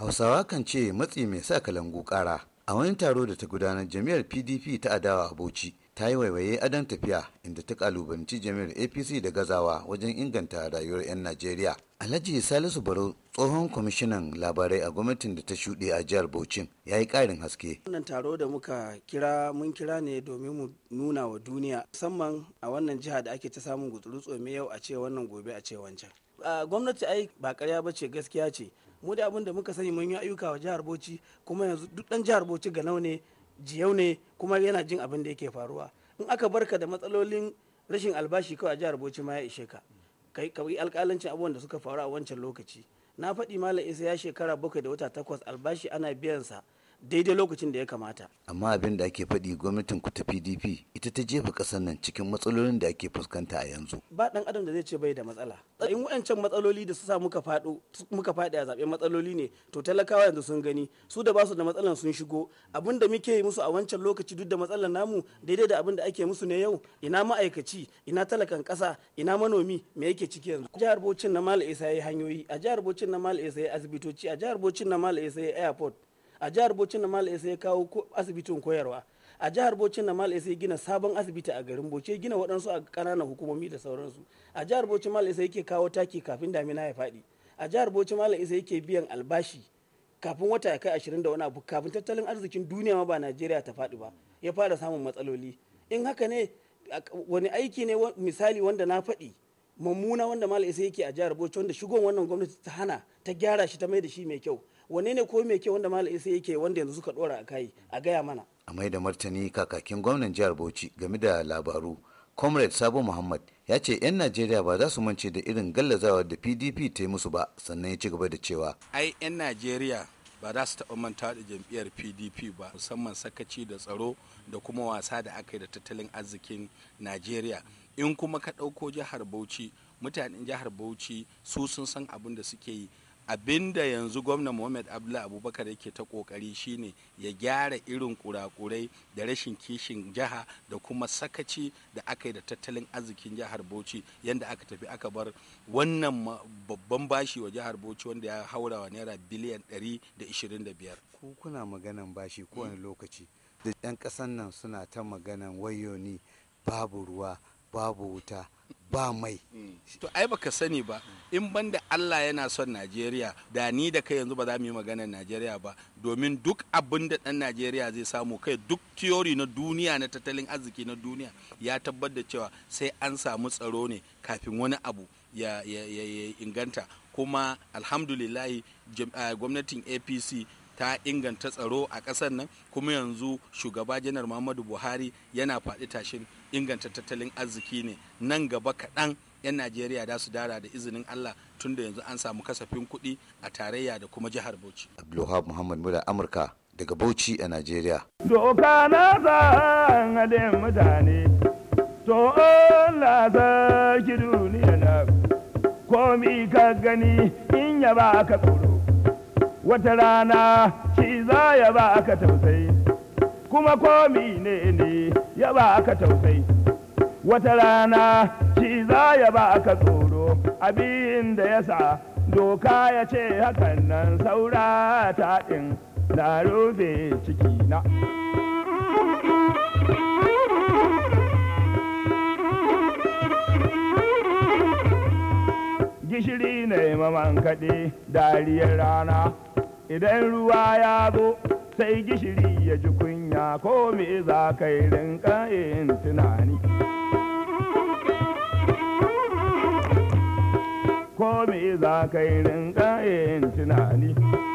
hausawa kan ce matsi mai sa kalangu ƙara a wani taro da ta gudanar jami'ar pdp ta adawa a bauchi ta yi waiwaye adon tafiya inda ta kalubanci jami'ar apc da gazawa wajen inganta rayuwar 'yan najeriya alhaji salisu baro tsohon kwamishinan labarai a gwamnatin da ta shuɗe a jihar bauchin ya yi ƙarin haske wannan taro da muka kira mun kira ne domin mu nuna wa duniya musamman a wannan jiha da ake ta samun gutsuru mai yau a ce wannan gobe a ce wancan gwamnati ai ba karya ba ce gaskiya ce mu da abin da muka sani mun yi ayyuka wa jihar bauchi kuma yanzu duk ɗan jihar bauchi ga ne jiyau ne kuma yana jin abin da yake faruwa in aka barka da matsalolin rashin albashi kawai a jihar bauchi ma ya ishe ka kai kawai alkalancin abubuwan da suka faru a wancan lokaci na faɗi malam isa ya shekara bakwai da wata takwas albashi ana biyansa daidai lokacin da ya kamata. Amma abin da ake faɗi gwamnatin ku ta PDP ita ta jefa ƙasar nan cikin matsalolin da ake fuskanta a yanzu. Ba ɗan adam da zai ce bai da matsala. In wa'ancan matsaloli da su sa muka faɗo muka faɗi a zaɓen matsaloli ne to talakawa yanzu sun gani su da basu da matsalan sun shigo abin da muke yi musu a wancan lokaci duk da matsalan namu daidai da abin da ake musu ne yau ina ma'aikaci ina talakan ƙasa ina manomi me yake ciki yanzu. Jihar bocin na Mal Isa ya yi hanyoyi a jihar bocin na Mal Isa ya asibitoci a jihar Bocin na Mal Isa ya airport a jihar bauchi na mal ya kawo asibitin koyarwa a jihar bauchi na mal ya gina sabon asibiti a garin bauchi gina waɗansu a ƙananan hukumomi da sauransu a jihar bauchi mal ya yake kawo taki kafin damina ya faɗi a jihar bauchi mal ya yake biyan albashi kafin wata ya kai ashirin da wani abu kafin tattalin arzikin duniya ma ba najeriya ta faɗi ba ya fara samun matsaloli in haka ne wani aiki ne misali wanda na faɗi mummuna wanda mal isa yake a jihar bauchi wanda shigon wannan gwamnati ta hana ta gyara shi ta mai da shi mai kyau wane ne ko mai kyau wanda malam isa yake wanda yanzu suka dora a kai a gaya mana a mai da martani kakakin gwamnan jihar bauchi game da labaru comrade sabo muhammad ya ce 'yan najeriya ba za su mance da irin gallazawa da pdp ta yi musu ba sannan ya ci gaba da cewa ai 'yan najeriya ba za su taɓa manta da jam'iyyar pdp ba musamman sakaci da tsaro da kuma wasa da aka yi da tattalin arzikin najeriya in kuma ka ɗauko jihar bauchi mutanen jihar bauchi su sun san abin da suke yi abinda yanzu gwamna Muhammad Abdullahi Abubakar yake ta kokari shine ya gyara irin kurakurai da rashin kishin jiha da kuma sakaci da aka yi da tattalin arzikin jihar Bauchi yadda aka tafi aka bar wannan babban bashi wa jihar Bauchi wanda ya haura wa naira biliyan 125 ko kuna maganan bashi kowane mm. lokaci da 'yan ƙasan nan suna ta maganan wayoni babu ruwa babu wuta ba mai. Mm. To ai baka sani ba in banda Allah yana son Najeriya da ni da kai yanzu ba za mu yi maganar Najeriya ba domin duk abin da ɗan Najeriya zai samu kai duk tiyori na duniya na tattalin arziki na duniya ya tabbatar da cewa sai an samu tsaro ne kafin wani abu ya inganta kuma alhamdulillahi ah, gwamnatin APC ta inganta tsaro a ƙasar nan kuma yanzu shugaba janar muhammadu buhari yana faɗi tashin inganta tattalin arziki ne nan gaba kaɗan 'yan najeriya da su dara da izinin allah tun da yanzu an samu kasafin kuɗi a tarayya da kuma jihar bauchi abdulwahab muhammad mura amurka daga bauchi a najeriya doka na zan mutane to za ki duniya na komi ka gani in yaba ka tsoro wata rana shi za ya ba aka tausayi kuma komi ne ne ya ba aka tausayi wata rana shi za ya ba aka tsoro abin da ya sa doka ya ce hakan nan saura ta ɗin na rufe ciki na gishiri ne maman kaɗe dariyar rana idan ruwa ya zo sai gishiri ya ji kunya ko me za ka yi rinka yin tunani ko me za ka yi rinka yin tunani